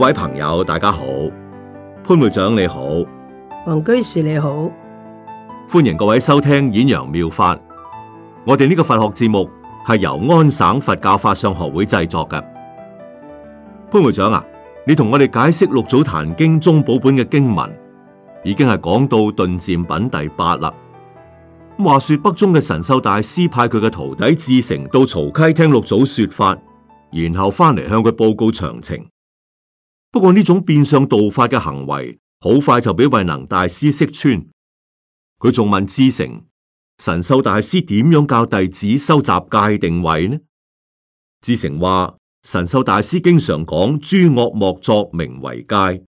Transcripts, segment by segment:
各位朋友，大家好，潘會長你好，王居士你好，歡迎各位收聽演揚妙、妙法。我哋呢個佛學節目係由安省佛教法相學會製作嘅。潘會長啊，你同我哋解釋六祖壇經中寶本嘅經文，已經係講到頓漸品第八啦。話說北宗嘅神秀大師派佢嘅徒弟志誠到曹溪聽六祖說法，然後翻嚟向佢報告詳情。不過呢種變相道法嘅行為，好快就俾慧能大師識穿。佢仲問智成：神秀大師點樣教弟子收集戒定慧呢？智成話：神秀大師經常講：諸惡莫作名為戒，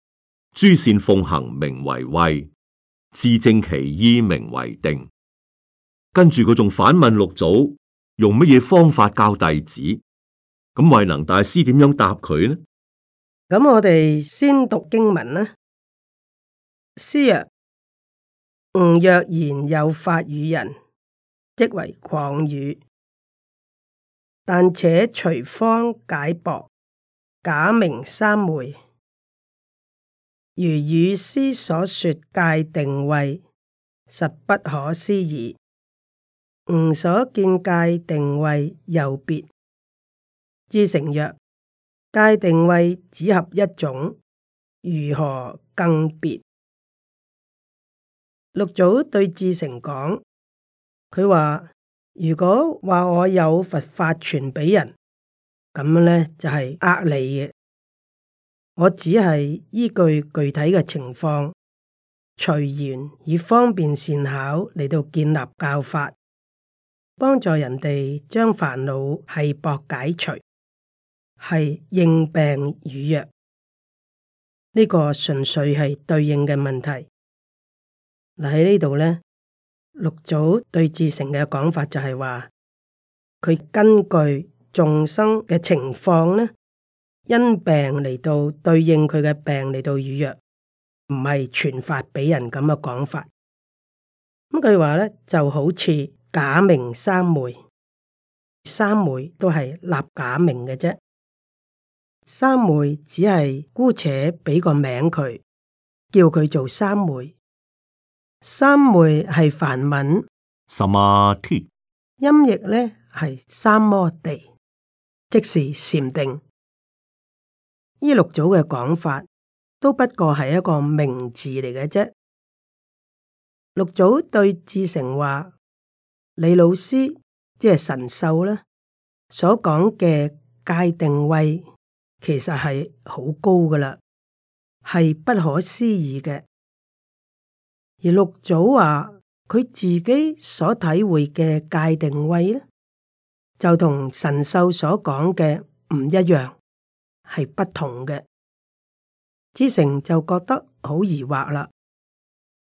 諸善奉行名為慧，自正其意名為定。跟住佢仲反問六祖：用乜嘢方法教弟子？咁慧能大師點樣答佢呢？咁我哋先讀經文啦。師曰：吾若言有法與人，即為誑語。但且隨方解縛，假名三昧。如語師所說戒定慧，實不可思議。吾所見戒定慧又別。志誠曰。戒定慧只合一種，如何更別？六祖對志誠講，佢話如果話我有佛法傳俾人，咁呢就係呃你嘅。我只係依據具體嘅情況，隨緣以方便善巧嚟到建立教法，幫助人哋將煩惱係縛解除。係應病與藥，呢、這個純粹係對應嘅問題。嗱喺呢度咧，六祖對志誠嘅講法就係話，佢根據眾生嘅情況呢，因病嚟到對應佢嘅病嚟到與藥，唔係傳發畀人咁嘅講法。咁佢話咧就好似假名三昧，三昧都係立假名嘅啫。三昧只係姑且俾個名佢，叫佢做三昧。三昧係梵文，音譯呢係三摩地，即是禪定。依六祖嘅講法，都不過係一個名字嚟嘅啫。六祖對志誠話：李老師，即係神秀啦，所講嘅戒定慧。」其實係好高噶啦，係不可思議嘅。而六祖話佢自己所體會嘅界定位咧，就同神秀所講嘅唔一樣，係不同嘅。之成就覺得好疑惑啦。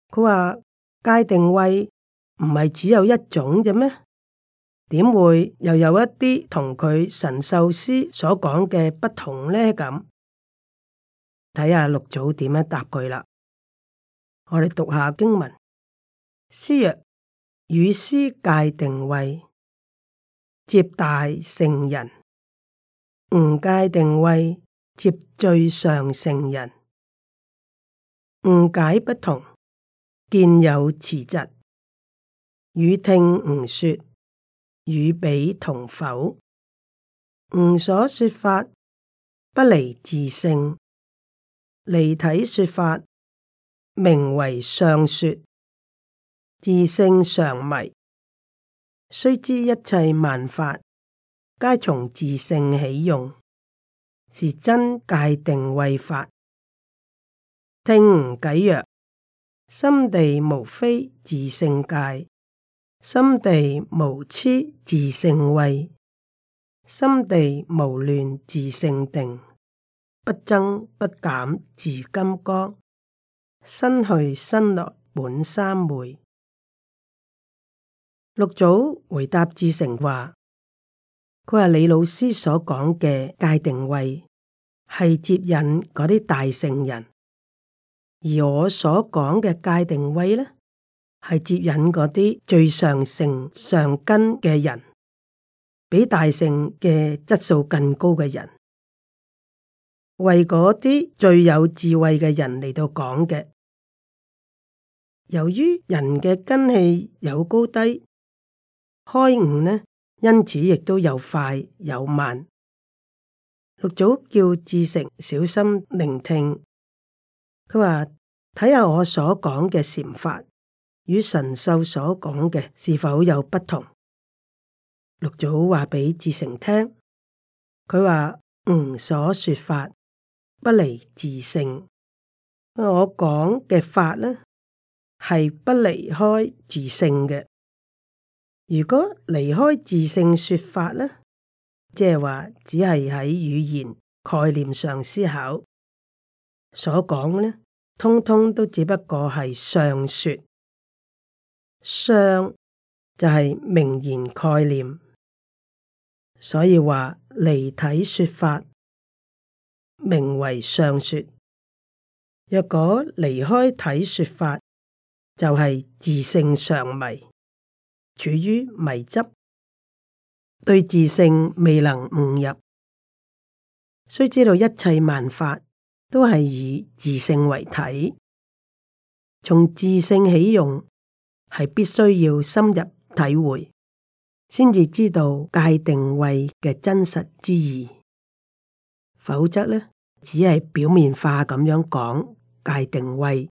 佢話界定位唔係只有一種嘅咩？點會又有一啲同佢神秀師所講嘅不同呢？咁睇下六祖點樣答佢啦。我哋讀下經文。師曰：汝師戒定慧接大乘人，吾戒定慧接最上乘人。悟解不同，見有遲疾，汝聽吾說。與彼同否？吾所說法不離自性，離體說法名為相說。自性常迷，雖知一切萬法皆從自性起用，是真戒定慧法。聽吾偈曰：心地無非自性戒。心地無癡自性慧，心地無亂自性定，不增不減自金剛。身去身來本三昧。六祖回答智成話：佢話李老師所講嘅界定慧，係接引嗰啲大聖人，而我所講嘅界定慧呢？係接引嗰啲最上乘上根嘅人，比大乘嘅質素更高嘅人，為嗰啲最有智慧嘅人嚟到講嘅。由於人嘅根氣有高低，開悟呢，因此亦都有快有慢。六祖叫智誠小心聆聽，佢話睇下我所講嘅禪法。與神秀所講嘅是否有不同？六祖話畀志誠聽，佢話：吾，所說法不離自性。我講嘅法呢，係不離開自性嘅。如果離開自性說法呢，即係話只係喺語言概念上思考，所講呢，通通都只不過係上說。相就係名言概念，所以話離體說法名為相說。若果離開體說法，就係、是、自性尚迷，處於迷執，對自性未能悟入。雖知道一切萬法都係以自性為體，從自性起用。係必須要深入體會，先至知道戒定慧嘅真實之意。否則呢，只係表面化咁樣講戒定慧，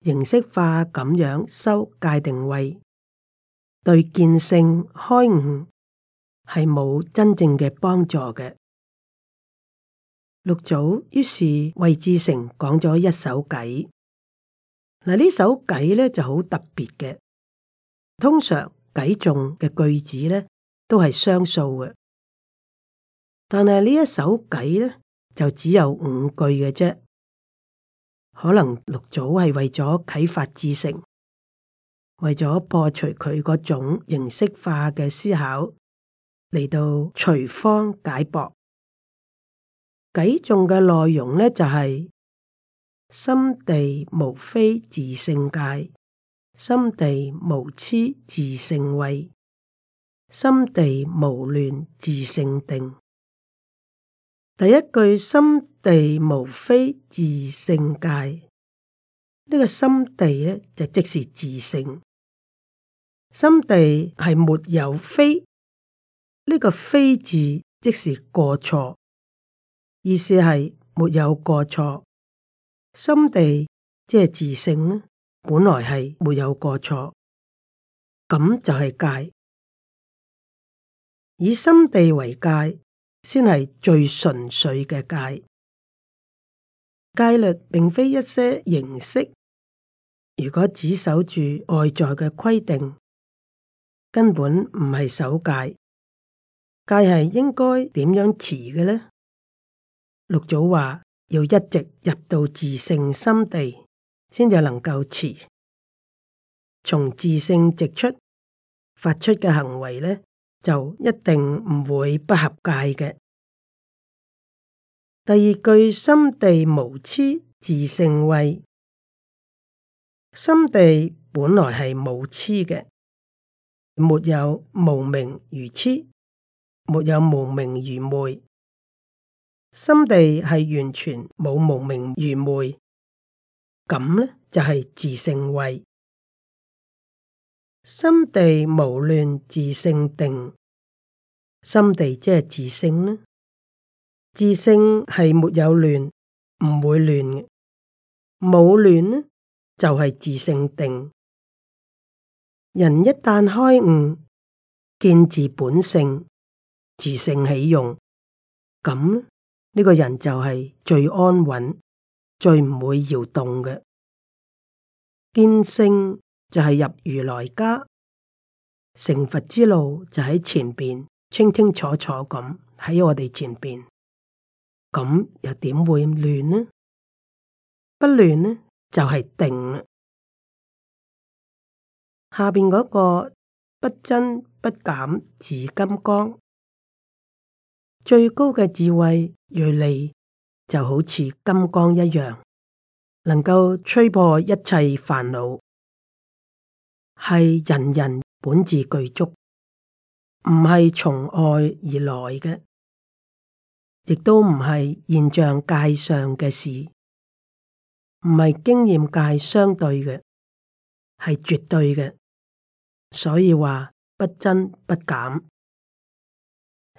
形式化咁樣修戒定慧，對見性開悟係冇真正嘅幫助嘅。六祖於是為志誠講咗一首偈。嗱，呢首偈咧就好特別嘅，通常偈中嘅句子咧都係雙數嘅，但係呢一首偈咧就只有五句嘅啫，可能六祖係為咗啟發智性，為咗破除佢嗰種形式化嘅思考，嚟到隨方解縛偈中嘅內容咧就係。心地無非自性戒，心地無痴自性慧，心地無亂自性定。第一句心地無非自性戒，呢、這個心地呢，就即是自性，心地係沒有非，呢、這個非字即是過錯，意思係沒有過錯。心地即係自性啦，本來係沒有過錯，咁就係戒。以心地為戒，先係最純粹嘅戒。戒律並非一些形式，如果只守住外在嘅規定，根本唔係守戒。戒係應該點樣持嘅咧？六祖話。要一直入到自性心地，先至能夠持。從自性直出發出嘅行為咧，就一定唔會不合界嘅。第二句，心地無痴，自性慧。心地本來係無痴嘅，沒有無明如痴，沒有無明愚昧。心地係完全冇無，無明愚昧，咁呢就係、是、自性慧。心地無亂自性定，心地即係自性呢？自性係沒有亂，唔會亂，冇亂呢就係、是、自性定。人一旦開悟，見自本性，自性起用，咁呢個人就係最安穩、最唔會搖動嘅，見性就係入如來家，成佛之路就喺前邊，清清楚楚咁喺我哋前邊，咁又點會亂呢？不亂呢，就係定啦。下邊嗰、那個不增不減，自金剛。最高嘅智慧銳利就好似金剛一樣，能夠吹破一切煩惱，係人人本自具足，唔係從外而來嘅，亦都唔係現象界上嘅事，唔係經驗界相對嘅，係絕對嘅，所以話不增不減。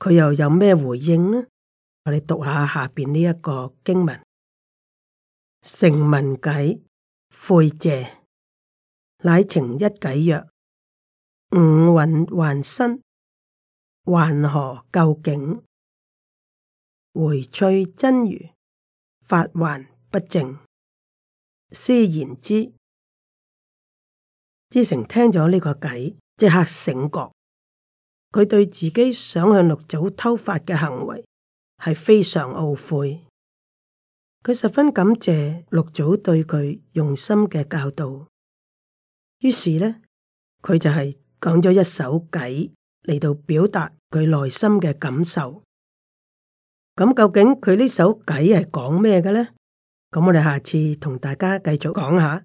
佢又有咩回應呢？我哋讀下下邊呢一個經文，誠聞偈，悔謝，乃呈一偈曰：五蘊幻身，幻何究竟？回趣真如，法還不淨。」師然之，志誠聽咗呢個偈，即刻醒覺。佢對自己想向六祖偷法嘅行為係非常懊悔，佢十分感謝六祖對佢用心嘅教導。於是呢，佢就係講咗一首偈嚟,到表達佢內心嘅感受。咁究竟佢呢首偈係講咩嘅咧？咁我哋下次同大家繼續講下。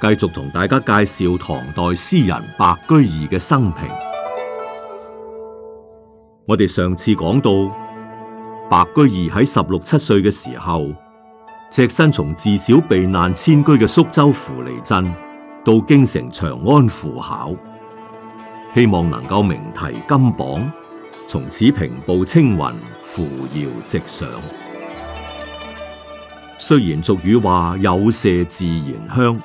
繼續同大家介紹唐代詩人白居易嘅生平。我哋上次講到，白居易喺十六七歲嘅時候，隻身從自小避難遷居嘅宿州符離鎮到京城長安赴考，希望能夠名題金榜，從此平步青雲，扶搖直上。雖然俗語話有麝自然香。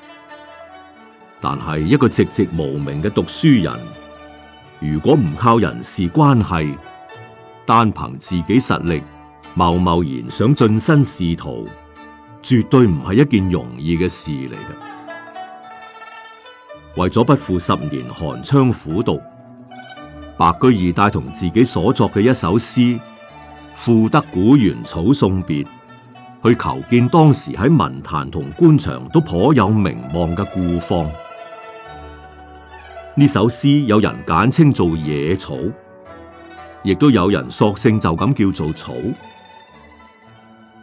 但係一個寂寂無名嘅讀書人，如果唔靠人事關係，單憑自己實力，貿貿然想進身仕途，絕對唔係一件容易嘅事嚟嘅。為咗不負十年寒窗苦讀，白居易帶同自己所作嘅一首詩《賦得古原草送別》，去求見當時喺文壇同官場都頗有名望嘅顧況。呢首詩有人簡稱做野草，亦都有人索性就咁叫做草。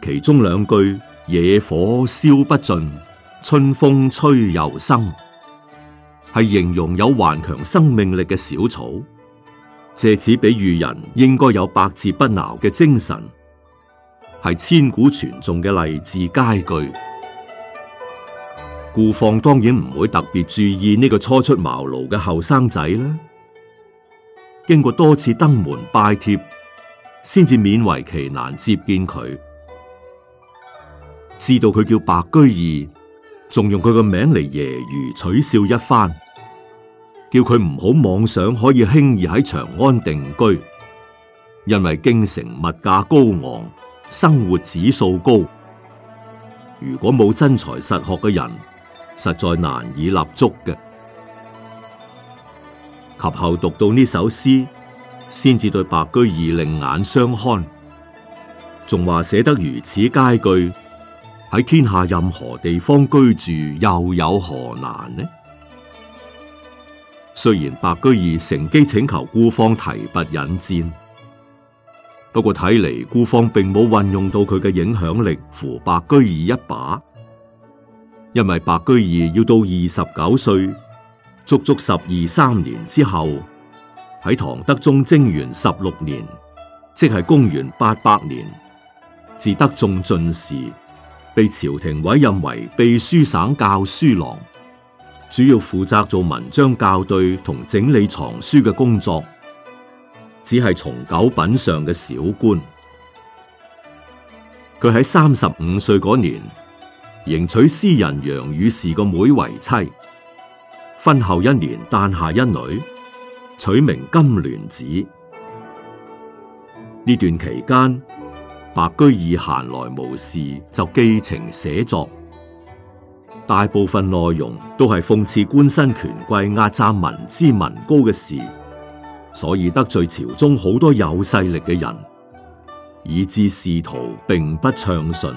其中兩句野火燒不盡，春風吹又生，係形容有頑強生命力嘅小草。借此比喻人應該有百折不撓嘅精神，係千古傳頌嘅勵志佳句。顧況當然唔會特別注意呢個初出茅廬嘅後生仔啦。經過多次登門拜帖，先至勉為其難接見佢。知道佢叫白居易，仲用佢個名嚟揶揄取笑一番，叫佢唔好妄想可以輕易喺長安定居，因為京城物價高昂，生活指數高。如果冇真才實學嘅人，實在難以立足嘅，及後讀到呢首詩，先至對白居易另眼相看，仲話寫得如此佳句，喺天下任何地方居住又有何難呢？雖然白居易乘機請求孤芳提拔引薦，不過睇嚟孤芳並冇運用到佢嘅影響力，扶白居易一把。因為白居易要到二十九歲，足足十二三年之後，喺唐德宗貞元十六年，即係公元八百年，至德宗進士，被朝廷委任為秘書省校書郎，主要負責做文章校對同整理藏書嘅工作，只係從九品上嘅小官。佢喺三十五歲嗰年。迎娶詩人楊與士個妹為妻，婚後一年誕下一女，取名金鑾子。呢段期間，白居易閒來無事就寄情寫作，大部分內容都係諷刺官紳權貴壓榨民脂民膏嘅事，所以得罪朝中好多有勢力嘅人，以致仕途並不暢順。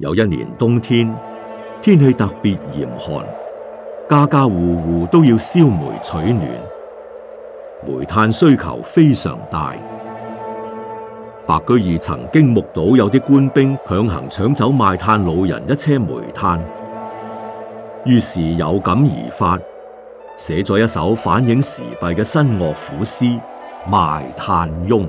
有一年冬天，天氣特別嚴寒，家家戶戶都要燒煤取暖，煤炭需求非常大。白居易曾經目睹有啲官兵強行搶走賣炭老人一車煤炭，於是有感而發，寫咗一首反映時弊嘅新樂府詩《賣炭翁》。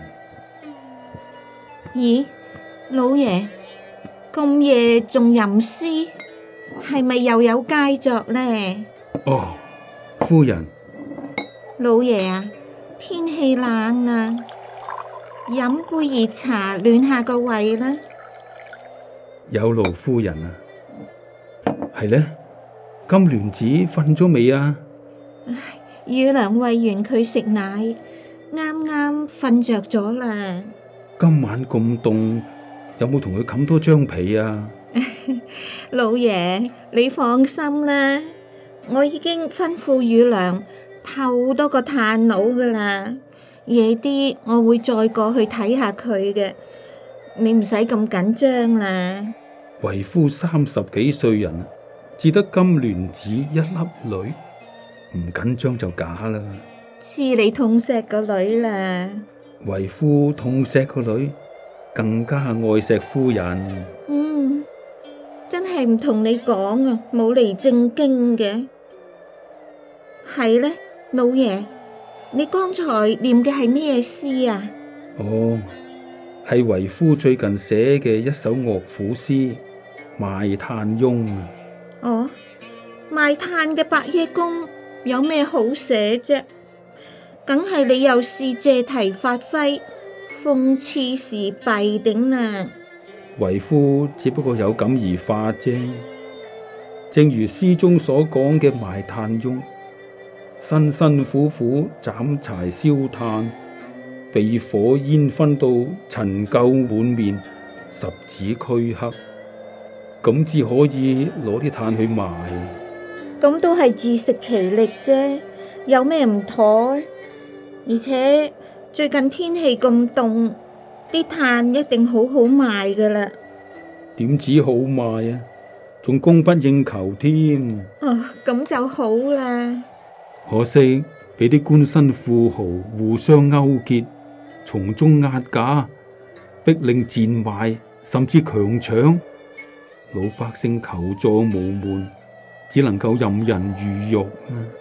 咦，老爺咁夜仲吟詩，係咪又有佳作呢？哦，夫人。老爺啊，天氣冷啊，飲杯熱茶暖下個胃啦，啊。有勞夫人啊。係呢，金蓮子瞓咗未啊？唉，乳娘餵完佢食奶，啱啱瞓着咗啦。今晚咁凍，有冇同佢冚多張被啊？老爺，你放心啦，我已經吩咐雨良透多個炭爐噶啦。夜啲我會再過去睇下佢嘅，你唔使咁緊張啦。為夫三十幾歲人啦，只得金蓮子一粒女，唔緊張就假啦。黐你痛錫個女啦！為夫痛錫個女，更加愛錫夫人。嗯，真係唔同你講啊，冇嚟正經嘅。係呢，老爺，你剛才念嘅係咩詩啊？哦，係為夫最近寫嘅一首樂府詩《賣炭翁》啊。哦，賣炭嘅伯爺公有咩好寫啫？梗係你又試借題發揮，諷刺時弊頂啊。為夫只不過有感而發啫，正如詩中所講嘅賣炭翁，辛辛苦苦斬柴燒炭，被火煙熏到塵垢滿面，十指黢黑，咁至可以攞啲炭去賣。咁都係自食其力啫，有咩唔妥？而且最近天氣咁凍，啲炭一定好好賣㗎喇。點止好賣啊？仲供不應求添。啊、哦，咁就好啦。可惜俾啲官紳富豪互相勾結，從中壓價，逼令賤賣，甚至強搶。老百姓求助無門，只能夠任人魚肉啊！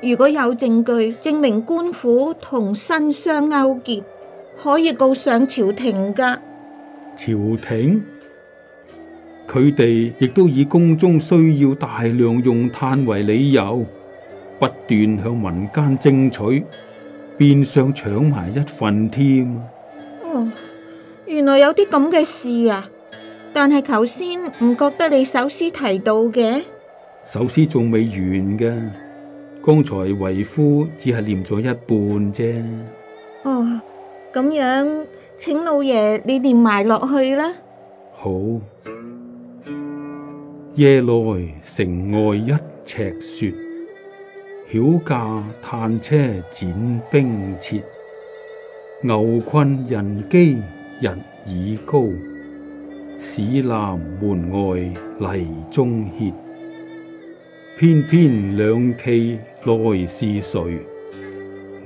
如果有證據證明官府同新商勾結，可以告上朝廷噶。朝廷佢哋亦都以宮中需要大量用炭為理由，不斷向民間徵取，變相搶埋一份添。哦、嗯，原來有啲咁嘅事啊！但係頭先唔覺得你首詩提到嘅，首詩仲未完嘅。剛才為夫只係念咗一半啫。哦，咁樣，請老爺你念埋落去啦。好，夜來城外一尺雪，曉駕炭車輾冰轍。牛困人飢日已高，市南門外泥中歇。翩翩兩騎來是誰？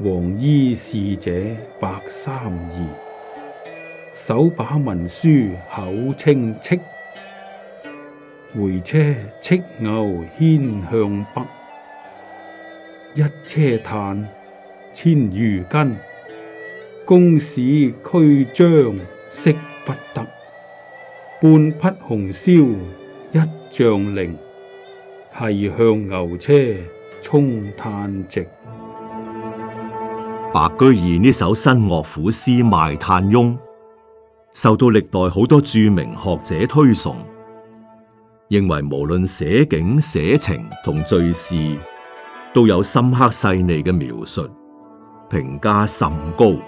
黃衣使者白衫兒，手把文書口稱敕。回車叱牛牽向北。一車炭，千餘斤，宮使驅將惜不得。半匹紅綃一丈綾，繫向牛車。充炭直，白居易呢首新樂府詩《賣炭翁》受到歷代好多著名學者推崇，認為無論寫景、寫情同敘事都有深刻細膩嘅描述，評價甚高。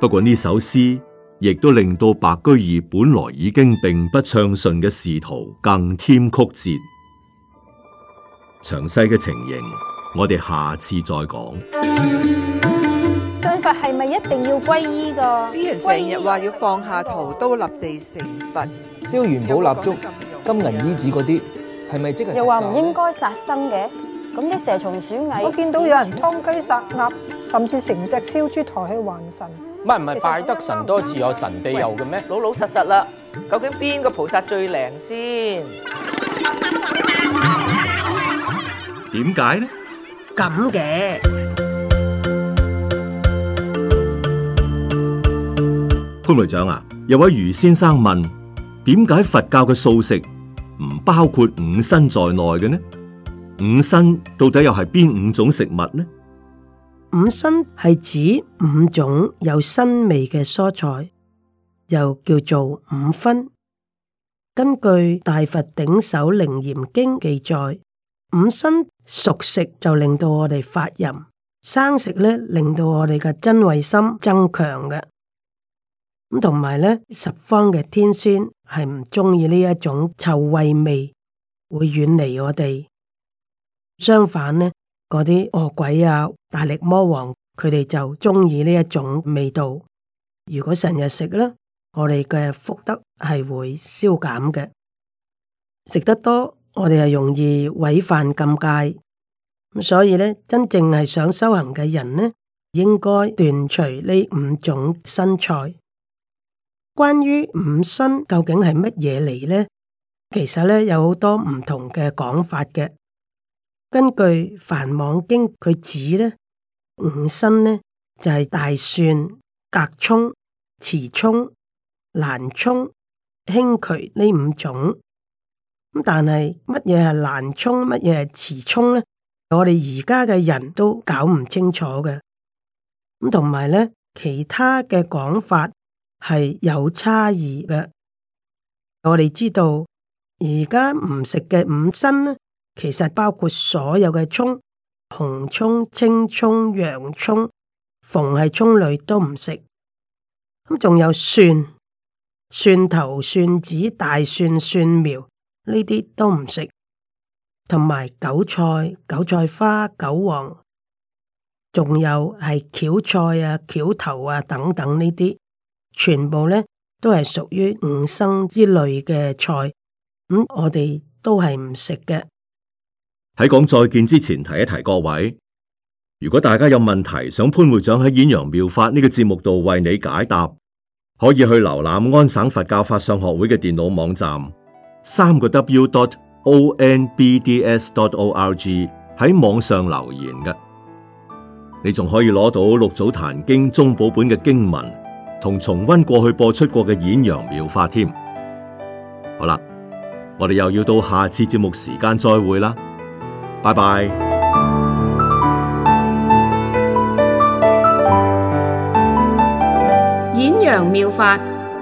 不過呢首詩亦都令到白居易本來已經並不暢順嘅仕途更添曲折。詳細嘅情形，我哋下次再講。信佛係咪一定要皈依噶？啲人成日話要放下屠刀立地成佛，燒元寶蠟燭、金銀衣紙嗰啲，係咪即係？又話唔應該殺生嘅，咁啲蛇蟲鼠蟻，我見到有人劏雞殺鴨，甚至成隻燒豬抬去還神。唔係唔係，拜得神多自有神庇佑嘅咩？老老實實啦，究竟邊個菩薩最靈先？點解呢？咁嘅潘會長啊，有位余先生問：點解佛教嘅素食唔包括五辛在內嘅呢？五辛到底又係邊五種食物呢？五辛係指五種有辛味嘅蔬菜，又叫做五葷。根據《大佛頂首楞嚴經》記載。五辛熟食就令到我哋發淫，生食咧令到我哋嘅真慧心增強嘅。咁同埋咧，十方嘅天仙係唔中意呢一種臭穢味，會遠離我哋。相反咧，嗰啲惡鬼啊、大力魔王，佢哋就中意呢一種味道。如果成日食啦，我哋嘅福德係會消減嘅，食得多。我哋係容易違犯禁戒，所以咧，真正係想修行嘅人呢，應該斷除呢五種辛菜。關於五辛究竟係乜嘢嚟呢？其實呢有好多唔同嘅講法嘅。根據《梵網經》，佢指呢五辛呢就係、是、大蒜、隔蔥、慈蔥、蘭蔥、興渠呢五種。咁但係乜嘢係蘭葱，乜嘢係慈葱咧？我哋而家嘅人都搞唔清楚嘅。咁同埋咧，其他嘅講法係有差異嘅。我哋知道而家唔食嘅五辛咧，其實包括所有嘅葱、紅葱、青葱、洋葱，逢係葱類都唔食。咁仲有蒜、蒜頭、蒜子、大蒜、蒜苗。呢啲都唔食，同埋韭菜、韭菜花、韭黃，仲有係巧菜啊、巧頭啊等等呢啲，全部咧都係屬於五辛之類嘅菜，咁、嗯、我哋都係唔食嘅。喺講再見之前，提一提各位，如果大家有問題想潘會長喺《演揚妙法》呢、這個節目度為你解答，可以去瀏覽安省佛教法相學會嘅電腦網站。三個 w.dot.o.n.b.d.s.dot.o.r.g 喺網上留言嘅。你仲可以攞到六祖壇經宗寶本嘅經文同重温過去播出過嘅演揚妙法添。了好啦，我哋又要到下次節目時間再會啦，拜拜。演揚妙法。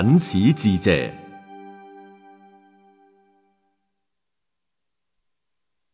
僅此致謝。